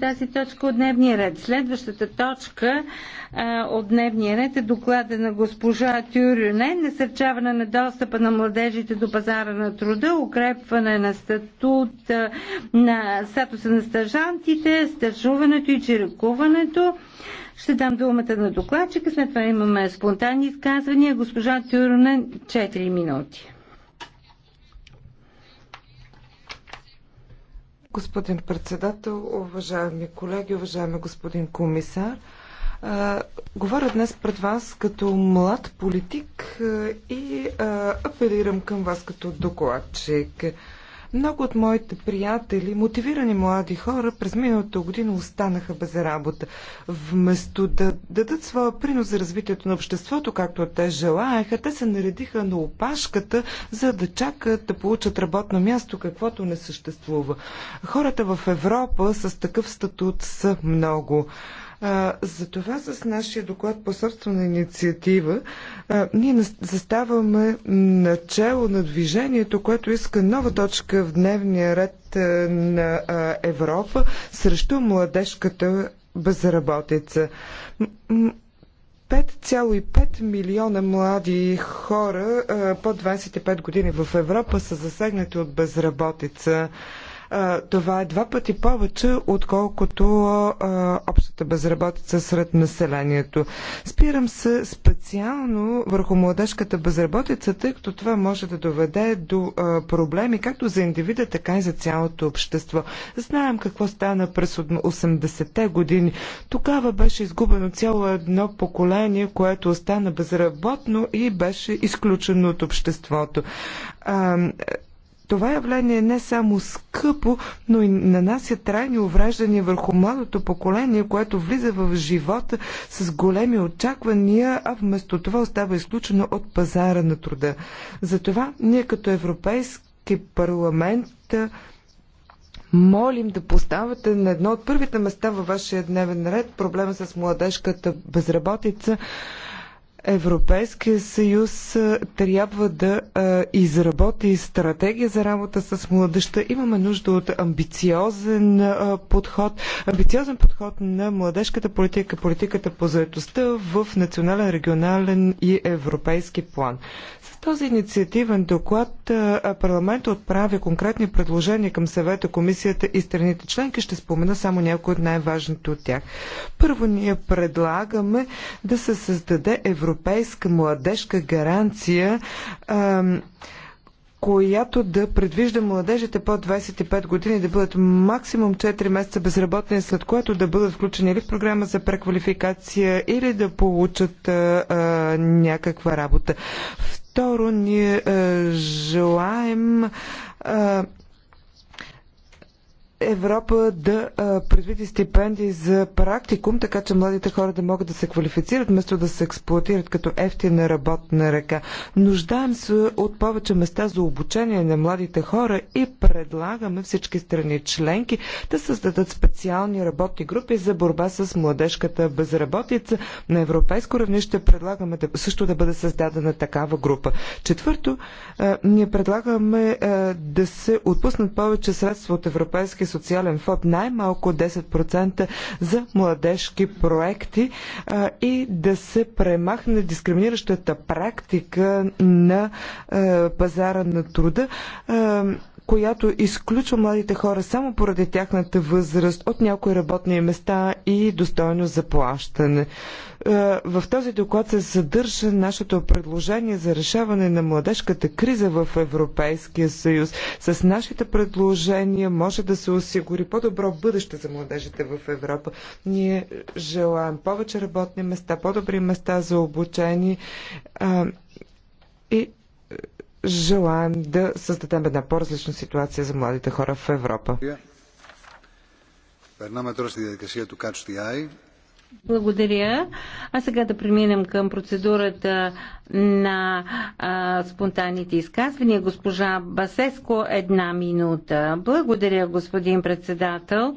тази точка от дневния ред. Следващата точка а, от дневния ред е доклада на госпожа Тюрюне, насърчаване на достъпа на младежите до пазара на труда, укрепване на статут на статуса на стажантите, стажуването и чиракуването. Ще дам думата на докладчика, след това имаме спонтанни изказвания. Госпожа Тюрюне, 4 минути. Господин председател, уважаеми колеги, уважаеми господин комисар, говоря днес пред вас като млад политик и апелирам към вас като докладчик. Много от моите приятели, мотивирани млади хора, през миналата година останаха без работа. Вместо да дадат своя принос за развитието на обществото, както те желаяха, те се наредиха на опашката, за да чакат да получат работно място, каквото не съществува. Хората в Европа с такъв статут са много. Затова с нашия доклад по собствена инициатива ние заставаме начало на движението, което иска нова точка в дневния ред на Европа срещу младежката безработица. 5,5 милиона млади хора под 25 години в Европа са засегнати от безработица. Това е два пъти повече, отколкото общата безработица сред населението. Спирам се специално върху младежката безработица, тъй като това може да доведе до проблеми както за индивида, така и за цялото общество. Знаем какво стана през 80-те години. Тогава беше изгубено цяло едно поколение, което остана безработно и беше изключено от обществото това явление е не само скъпо, но и нанася трайни увреждания върху младото поколение, което влиза в живота с големи очаквания, а вместо това остава изключено от пазара на труда. Затова ние като Европейски парламент молим да поставате на едно от първите места във вашия дневен ред проблема с младежката безработица Европейския съюз трябва да изработи стратегия за работа с младеща. Имаме нужда от амбициозен подход, амбициозен подход на младежката политика, политиката по заетостта в национален, регионален и европейски план този инициативен доклад парламентът отправя конкретни предложения към съвета, комисията и страните членки. Ще спомена само някои от най-важните от тях. Първо ние предлагаме да се създаде европейска младежка гаранция която да предвижда младежите под 25 години да бъдат максимум 4 месеца безработни, след което да бъдат включени или в програма за преквалификация, или да получат а, а, някаква работа. В Второ, ние е, желаем е, Европа да предвиди стипендии за практикум, така че младите хора да могат да се квалифицират, вместо да се експлуатират като ефтина работна ръка. Нуждаем се от повече места за обучение на младите хора и предлагаме всички страни членки да създадат специални работни групи за борба с младежката безработица. На европейско равнище предлагаме да, също да бъде създадена такава група. Четвърто, ние предлагаме да се отпуснат повече средства от Европейския социален фонд най-малко 10% за младежки проекти а, и да се премахне дискриминиращата практика на а, пазара на труда. А, която изключва младите хора само поради тяхната възраст от някои работни места и достойно заплащане. Е, в този доклад се съдържа нашето предложение за решаване на младежката криза в Европейския съюз. С нашите предложения може да се осигури по-добро бъдеще за младежите в Европа. Ние желаем повече работни места, по-добри места за обучение и е, желаем да създадем една по-различна ситуация за младите хора в Европа. Περνάμε τώρα στη διαδικασία του Catch the Eye. Благодаря. А сега да преминем към процедурата на а, спонтанните изказвания. Госпожа Басеско, една минута. Благодаря, господин председател.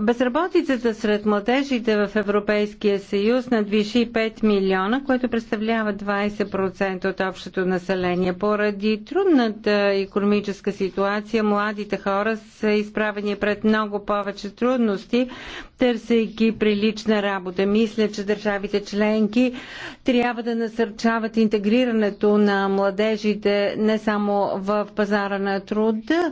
Безработицата сред младежите в Европейския съюз надвиши 5 милиона, което представлява 20% от общото население. Поради трудната економическа ситуация, младите хора са изправени пред много повече трудности, търсейки прилична работа. Мисля, че държавите членки трябва да насърчават интегрирането на младежите не само в пазара на а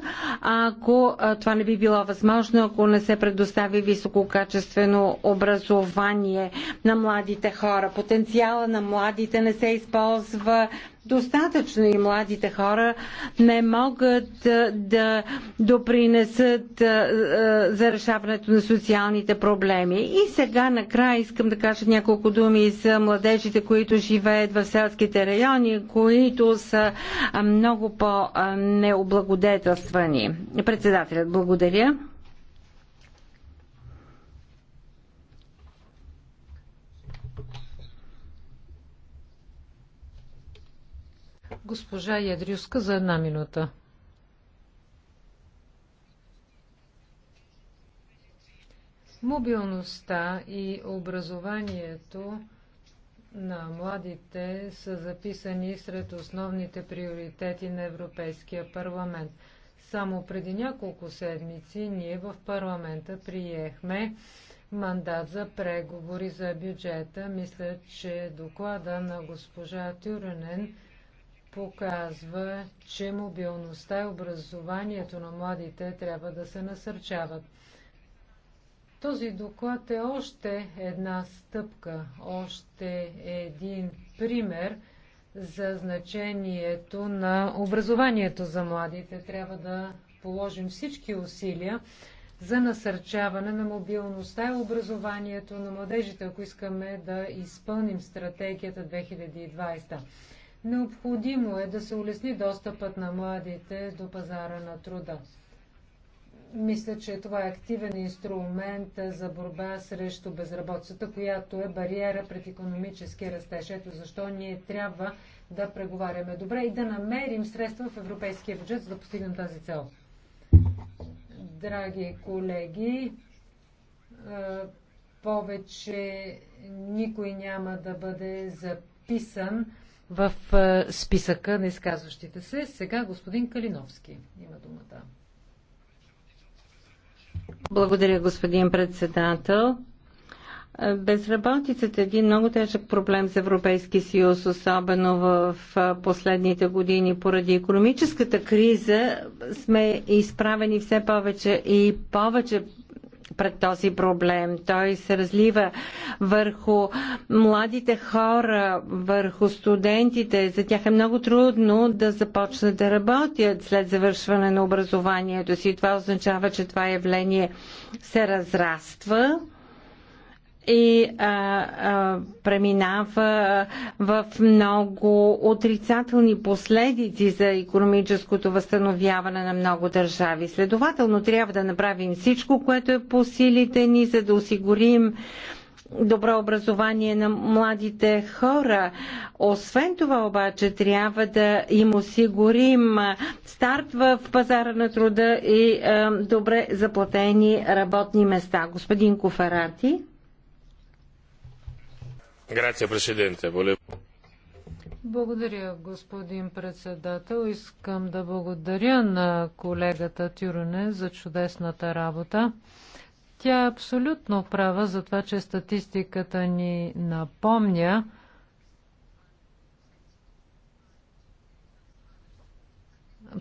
ако това не би било възможно, ако не се предостави висококачествено образование на младите хора. Потенциала на младите не се използва достатъчно и младите хора не могат да допринесат за решаването на социалните проблеми. И сега накрая искам да кажа няколко думи за младежите, които живеят в селските райони, които са много по-необлагодетелствани. Председателят, благодаря. Госпожа Ядрюска за една минута. Мобилността и образованието на младите са записани сред основните приоритети на Европейския парламент. Само преди няколко седмици ние в парламента приехме мандат за преговори за бюджета. Мисля, че доклада на госпожа Тюренен показва, че мобилността и образованието на младите трябва да се насърчават. Този доклад е още една стъпка, още един пример за значението на образованието за младите. Трябва да положим всички усилия за насърчаване на мобилността и образованието на младежите, ако искаме да изпълним стратегията 2020. Необходимо е да се улесни достъпът на младите до пазара на труда. Мисля, че това е активен инструмент за борба срещу безработицата, която е бариера пред економически растеж. Ето защо ние трябва да преговаряме добре и да намерим средства в европейския бюджет, за да постигнем тази цел. Драги колеги, повече никой няма да бъде записан в е, списъка на изказващите се. Сега господин Калиновски има думата. Благодаря, господин председател. Е, безработицата е един много тежък проблем за Европейския съюз, особено в е, последните години поради економическата криза. Сме изправени все повече и повече пред този проблем. Той се разлива върху младите хора, върху студентите. За тях е много трудно да започнат да работят след завършване на образованието си. Това означава, че това явление се разраства и а, а, преминава в много отрицателни последици за економическото възстановяване на много държави. Следователно трябва да направим всичко, което е по силите ни, за да осигурим добро образование на младите хора. Освен това обаче трябва да им осигурим старт в пазара на труда и е, добре заплатени работни места. Господин Коферати. Благодаря, господин председател. Искам да благодаря на колегата Тюрене за чудесната работа. Тя е абсолютно права за това, че статистиката ни напомня,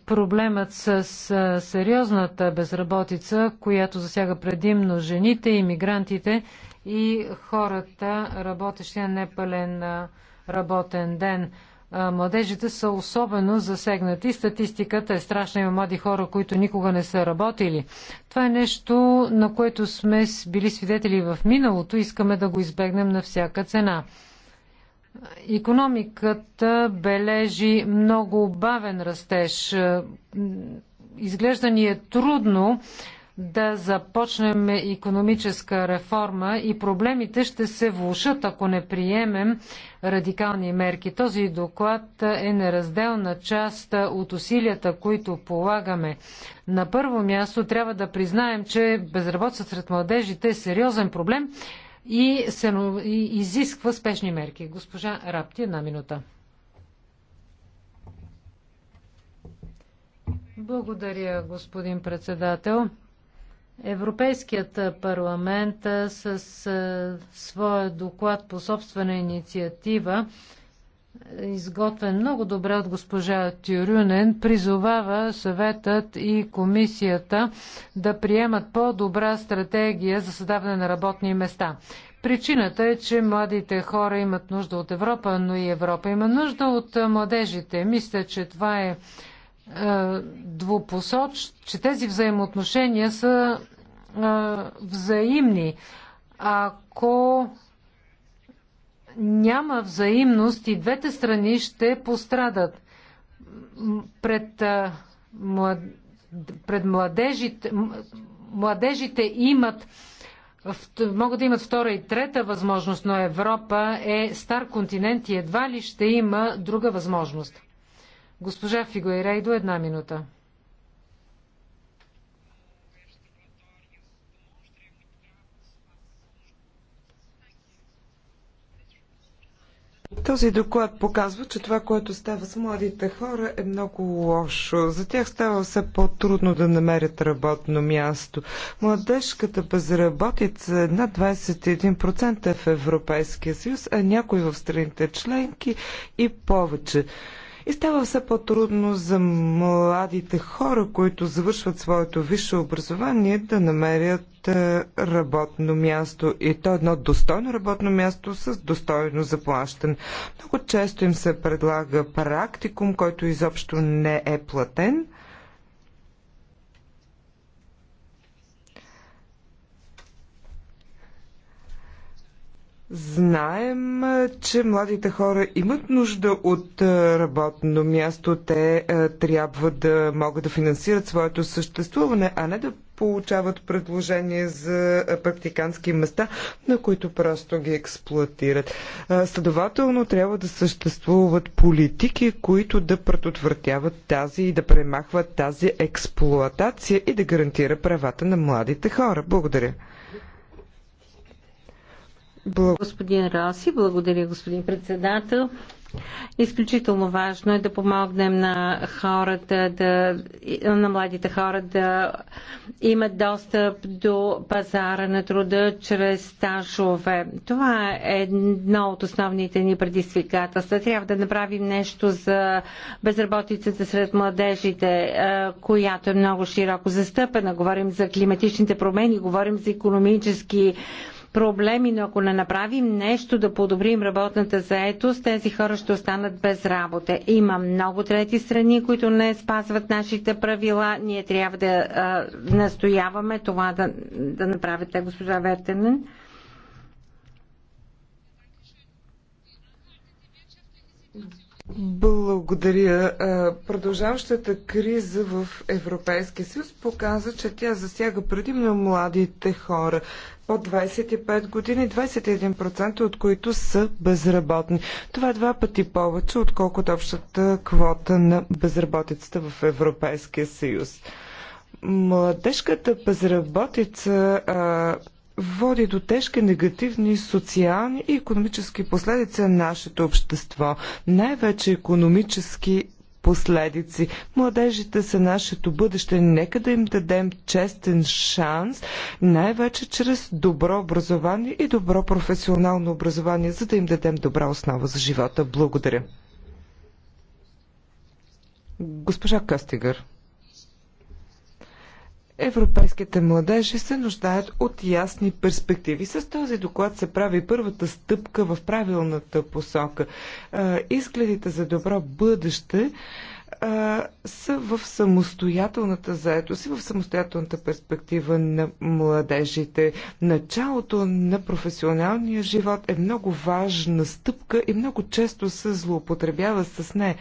проблемът с сериозната безработица, която засяга предимно жените, иммигрантите и хората, работещи на непълен работен ден. Младежите са особено засегнати. Статистиката е страшна. Има млади хора, които никога не са работили. Това е нещо, на което сме били свидетели в миналото. Искаме да го избегнем на всяка цена. Економиката бележи много бавен растеж. Изглежда ни е трудно да започнем економическа реформа и проблемите ще се влушат, ако не приемем радикални мерки. Този доклад е неразделна част от усилията, които полагаме. На първо място трябва да признаем, че безработица сред младежите е сериозен проблем и, се, и изисква спешни мерки. Госпожа Рапти, една минута. Благодаря, господин председател. Европейският парламент с своя доклад по собствена инициатива изготвен много добре от госпожа Тюрюнен, призовава съветът и комисията да приемат по-добра стратегия за създаване на работни места. Причината е, че младите хора имат нужда от Европа, но и Европа има нужда от младежите. Мисля, че това е, е двупосоч, че тези взаимоотношения са е, взаимни. Ако няма взаимност и двете страни ще пострадат. Пред, млад... пред младежите, младежите имат могат да имат втора и трета възможност, но Европа е стар континент и едва ли ще има друга възможност. Госпожа Фигуирейдо, една минута. Този доклад показва, че това, което става с младите хора е много лошо. За тях става все по-трудно да намерят работно място. Младежката безработица е над 21% в Европейския съюз, а някои в страните членки и повече. И става все по-трудно за младите хора, които завършват своето висше образование, да намерят е, работно място. И то е едно достойно работно място с достойно заплащане. Много често им се предлага практикум, който изобщо не е платен – Знаем, че младите хора имат нужда от е, работно място. Те е, трябва да могат да финансират своето съществуване, а не да получават предложения за е, практикански места, на които просто ги експлуатират. Следователно, трябва да съществуват политики, които да предотвратяват тази и да премахват тази експлуатация и да гарантира правата на младите хора. Благодаря. Благодаря. Господин Роси, благодаря, господин председател. Изключително важно е да помогнем на хората, да, на младите хора да имат достъп до пазара на труда чрез стажове. Това е едно от основните ни предизвикателства. Трябва да направим нещо за безработицата сред младежите, е, която е много широко застъпена. Говорим за климатичните промени, говорим за економически проблеми, но ако не направим нещо да подобрим работната заетост, тези хора ще останат без работа. Има много трети страни, които не спазват нашите правила. Ние трябва да а, настояваме това да, да направите, госпожа Вертенен. Благодаря. Продължаващата криза в Европейския съюз показа, че тя засяга предимно младите хора По 25 години, 21% от които са безработни. Това е два пъти повече, отколкото общата квота на безработицата в Европейския съюз. Младежката безработица води до тежки негативни социални и економически последици на нашето общество. Най-вече економически последици. Младежите са нашето бъдеще. Нека да им дадем честен шанс, най-вече чрез добро образование и добро професионално образование, за да им дадем добра основа за живота. Благодаря. Госпожа Кастигър. Европейските младежи се нуждаят от ясни перспективи. С този доклад се прави първата стъпка в правилната посока. Е, изгледите за добро бъдеще а, са в самостоятелната заедост и в самостоятелната перспектива на младежите. Началото на професионалния живот е много важна стъпка и много често се злоупотребява с нея.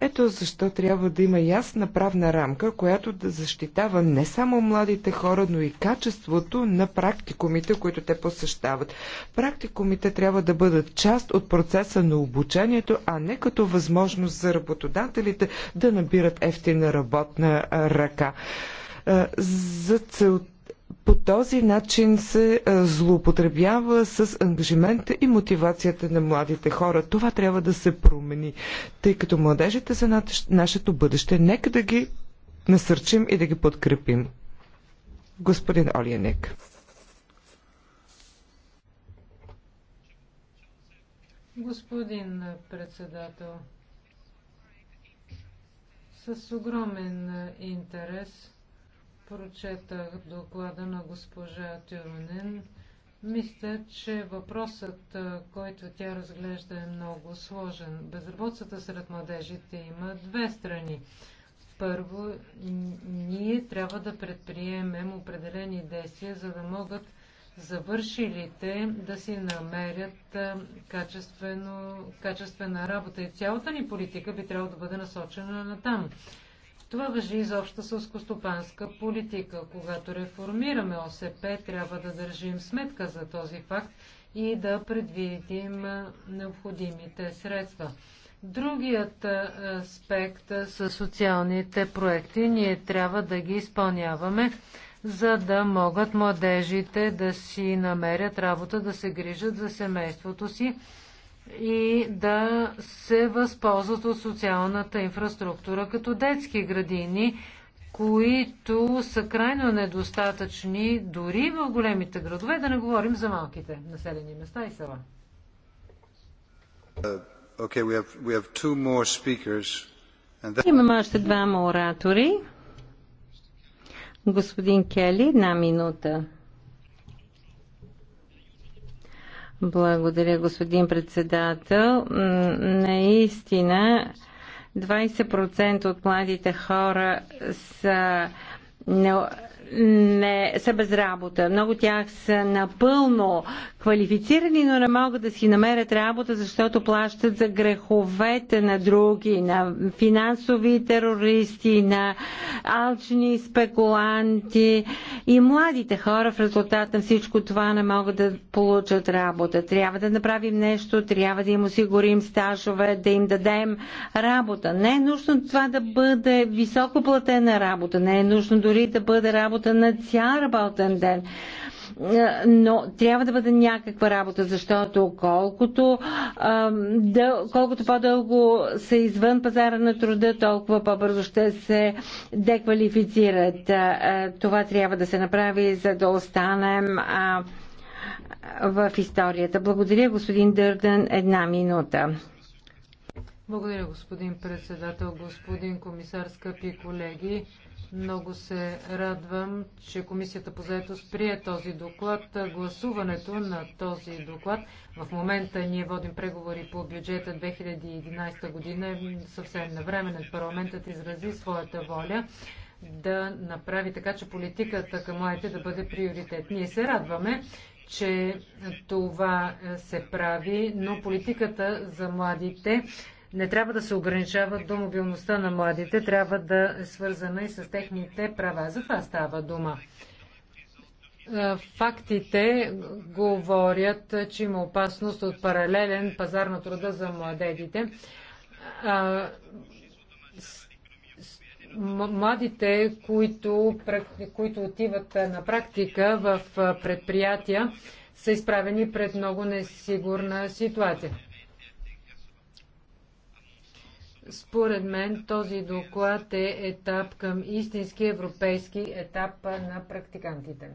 Ето защо трябва да има ясна правна рамка, която да защитава не само младите хора, но и качеството на практикумите, които те посещават. Практикумите трябва да бъдат част от процеса на обучението, а не като възможност за работодателите да набират ефтина работна ръка. За цел... по този начин се злоупотребява с ангажимента и мотивацията на младите хора. Това трябва да се промени, тъй като младежите са нашето бъдеще. Нека да ги насърчим и да ги подкрепим. Господин Олиенек. Господин председател, с огромен интерес прочетах доклада на госпожа Тюрнен. Мисля, че въпросът, който тя разглежда е много сложен. Безработцата сред младежите има две страни. Първо, ние трябва да предприемем определени действия, за да могат завършилите да си намерят качествено, качествена работа. И цялата ни политика би трябвало да бъде насочена на там. Това въжи и за обща сълскостопанска политика. Когато реформираме ОСП, трябва да държим сметка за този факт и да предвидим необходимите средства. Другият аспект са социалните проекти. Ние трябва да ги изпълняваме за да могат младежите да си намерят работа, да се грижат за семейството си и да се възползват от социалната инфраструктура, като детски градини, които са крайно недостатъчни дори в големите градове, да не говорим за малките населени места и села. Uh, Имаме още двама оратори. Господин Кели, една минута. Благодаря, господин председател. Наистина, 20% от младите хора са не са без работа. Много тях са напълно квалифицирани, но не могат да си намерят работа, защото плащат за греховете на други, на финансови терористи, на алчни спекуланти. И младите хора в резултат на всичко това не могат да получат работа. Трябва да направим нещо, трябва да им осигурим стажове, да им дадем работа. Не е нужно това да бъде високоплатена работа, не е нужно дори да бъде работа работа на цял работен ден е, но трябва да бъде някаква работа, защото колкото, колкото по-дълго са извън пазара на труда, толкова по-бързо ще се деквалифицират. Е, е, това трябва да се направи, за да останем в историята. Благодаря, господин Дърден. Една минута. Благодаря, господин председател, господин комисар, скъпи колеги. Много се радвам, че Комисията по заедост прие този доклад. Гласуването на този доклад. В момента ние водим преговори по бюджета 2011 година. съвсем навременен парламентът изрази своята воля да направи така, че политиката към младите да бъде приоритет. Ние се радваме, че това се прави, но политиката за младите не трябва да се ограничават до мобилността на младите, трябва да е свързана и с техните права. За това става дума. Фактите говорят, че има опасност от паралелен пазар на труда за младедите. Младите, които, които отиват на практика в предприятия, са изправени пред много несигурна ситуация според мен този доклад е етап към истински европейски етап на практикантите.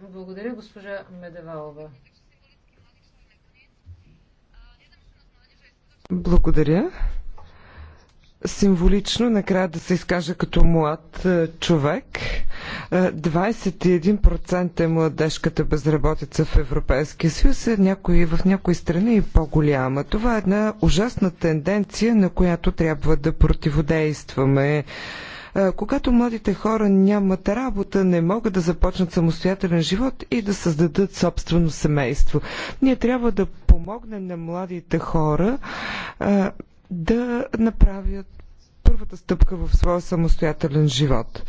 Благодаря, госпожа Медевалова. Благодаря символично накрая да се изкажа като млад е, човек. 21% е, е младежката безработица в Европейския съюз, а е някои, в някои страни е по-голяма. Това е една ужасна тенденция, на която трябва да противодействаме когато младите хора нямат работа, не могат да започнат самостоятелен живот и да създадат собствено семейство. Ние трябва да помогнем на младите хора да направят първата стъпка в своя самостоятелен живот.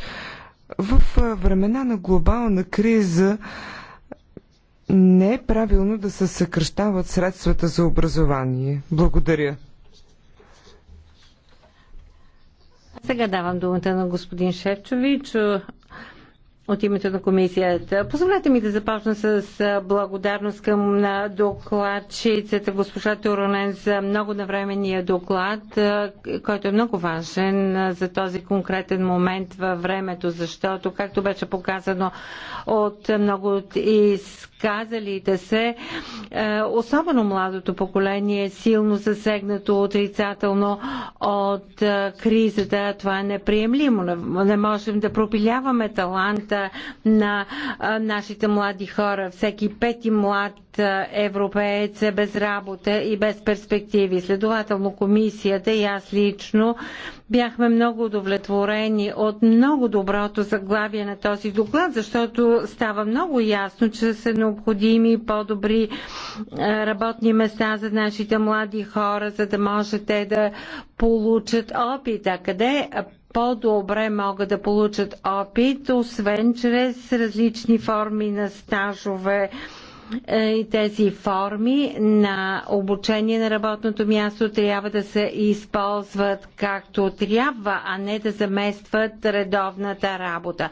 В времена на глобална криза не е правилно да се съкръщават средствата за образование. Благодаря. Сега давам думата на господин Шевчович от името на комисията. Позволете ми да започна с благодарност към докладчицата госпожа Туронен за много навременния доклад, който е много важен за този конкретен момент във времето, защото, както беше показано от много от изказвания, изказалите се, е, особено младото поколение, е силно засегнато отрицателно от е, кризата. Това е неприемлимо. Не можем да пропиляваме таланта на е, нашите млади хора. Всеки пети млад европеец е без работа и без перспективи. Следователно комисията и аз лично Бяхме много удовлетворени от много доброто заглавие на този доклад, защото става много ясно, че са необходими по-добри е, работни места за нашите млади хора, за да може те да получат опит. А къде по-добре могат да получат опит, освен чрез различни форми на стажове, е, и тези форми на обучение на работното място трябва да се използват както трябва, а не да заместват редовната работа.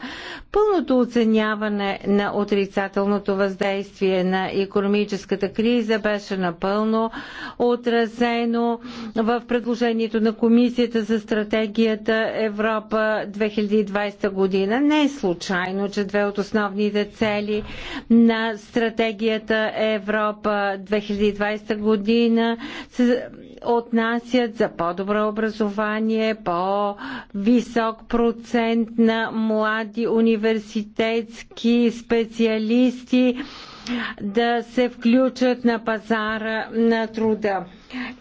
Пълното оценяване на отрицателното въздействие на економическата криза беше напълно отразено в предложението на Комисията за стратегията Европа 2020 година. Не е случайно, че две от основните цели на стратегията стратегията Европа 2020 година се отнасят за по-добро образование, по-висок процент на млади университетски специалисти да се включат на пазара на труда.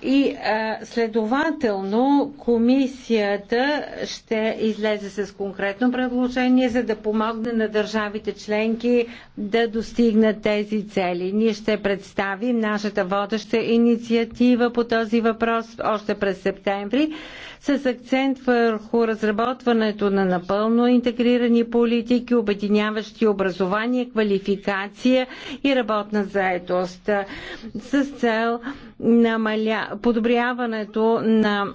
И а, следователно комисията ще излезе с конкретно предложение, за да помогне на държавите членки да достигнат тези цели. Ние ще представим нашата водеща инициатива по този въпрос още през септември с акцент върху разработването на напълно интегрирани политики, обединяващи образование, квалификация и работна заетост с цел намаля... подобряването на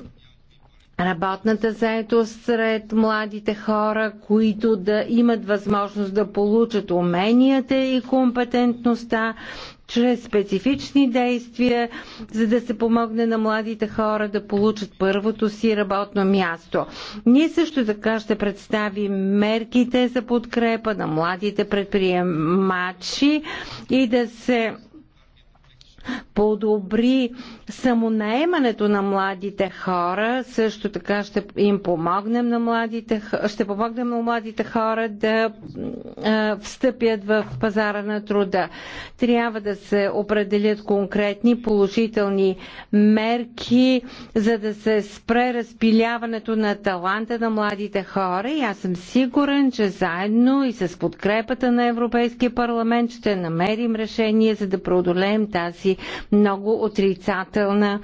работната заетост сред младите хора, които да имат възможност да получат уменията и компетентността, чрез специфични действия, за да се помогне на младите хора да получат първото си работно място. Ние също така ще представим мерките за подкрепа на младите предприемачи и да се подобри самонаемането на младите хора, също така ще им помогнем на младите, ще помогнем на младите хора да встъпят в пазара на труда. Трябва да се определят конкретни положителни мерки, за да се спре разпиляването на таланта на младите хора и аз съм сигурен, че заедно и с подкрепата на Европейския парламент ще намерим решение, за да преодолеем тази много отрицателна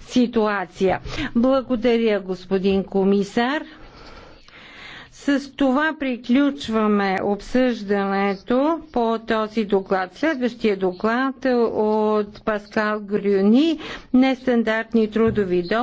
ситуация. Благодаря, господин комисар. С това приключваме обсъждането по този доклад. Следващия доклад е от Паскал Грюни – нестандартни трудови договори.